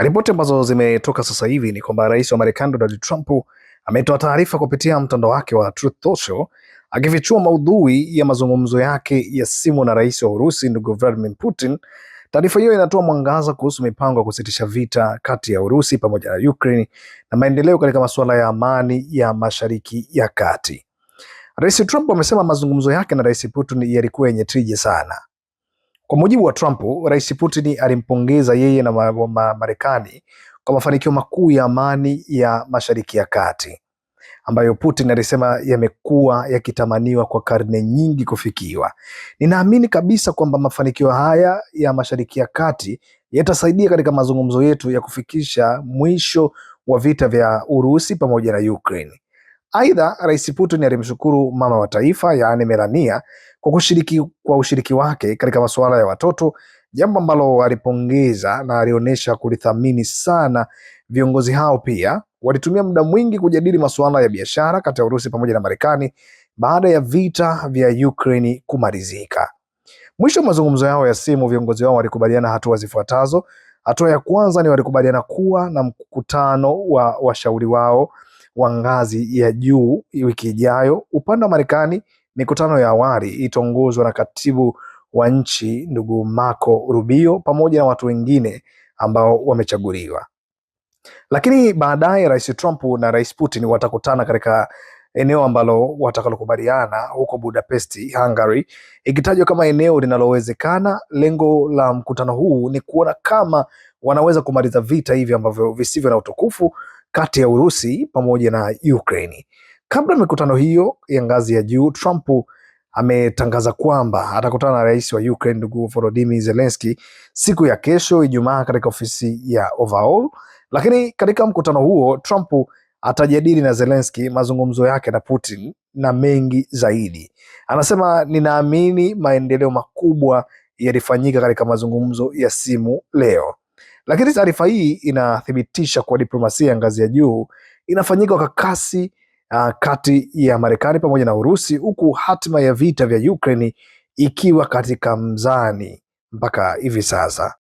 Ripoti ambazo zimetoka sasa hivi ni kwamba rais wa Marekani Donald Trump ametoa taarifa kupitia mtandao wake wa Truth Social akifichua maudhui ya mazungumzo yake ya simu na rais wa Urusi ndugu Vladimir Putin. Taarifa hiyo inatoa mwangaza kuhusu mipango ya kusitisha vita kati ya Urusi pamoja na Ukraine na maendeleo katika masuala ya amani ya Mashariki ya Kati. Rais Trump amesema mazungumzo yake na Rais Putin yalikuwa yenye tija sana. Kwa mujibu wa Trump, Rais Putin alimpongeza yeye na Marekani kwa mafanikio makuu ya amani ya Mashariki ya Kati ambayo Putin alisema yamekuwa yakitamaniwa kwa karne nyingi kufikiwa. Ninaamini kabisa kwamba mafanikio haya ya Mashariki ya Kati yatasaidia katika mazungumzo yetu ya kufikisha mwisho wa vita vya Urusi pamoja na Ukraine. Aidha, Rais Putin alimshukuru mama wa taifa yaani Melania kwa kushiriki kwa ushiriki wake katika masuala ya watoto, jambo ambalo alipongeza na alionyesha kulithamini sana. Viongozi hao pia walitumia muda mwingi kujadili masuala ya biashara kati ya Urusi pamoja na Marekani baada ya vita vya Ukraine kumalizika. Mwisho wa mazungumzo yao ya simu, viongozi wao walikubaliana hatua zifuatazo. Hatua ya kwanza ni walikubaliana kuwa na mkutano wa washauri wao wa ngazi ya juu wiki ijayo. Upande wa Marekani, mikutano ya awali itaongozwa na katibu wa nchi ndugu Marco Rubio pamoja na watu wengine ambao wamechaguliwa. Lakini baadaye Rais Trump na Rais Putin watakutana katika eneo ambalo watakalokubaliana huko Budapest, Hungary, ikitajwa kama eneo linalowezekana. Lengo la mkutano huu ni kuona kama wanaweza kumaliza vita hivi ambavyo visivyo na utukufu kati ya Urusi pamoja na Ukraine. Kabla mikutano hiyo ya ngazi ya juu, Trump ametangaza kwamba atakutana na rais wa Ukraine ndugu Volodymyr Zelensky siku ya kesho Ijumaa katika ofisi ya Oval. Lakini katika mkutano huo Trump atajadili na Zelensky mazungumzo yake na Putin na mengi zaidi. Anasema, ninaamini maendeleo makubwa yalifanyika katika mazungumzo ya simu leo. Lakini taarifa hii inathibitisha kuwa diplomasia ya ngazi ya juu inafanyika kwa kasi uh, kati ya Marekani pamoja na Urusi, huku hatima ya vita vya Ukraine ikiwa katika mzani mpaka hivi sasa.